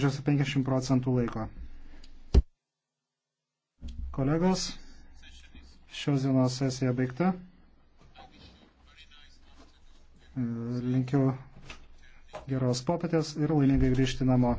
tačiau 50 procentų laiko. Kolegos, šios dienos sesija baigta. Linkiu geros popietės ir laimingai grįžti namo.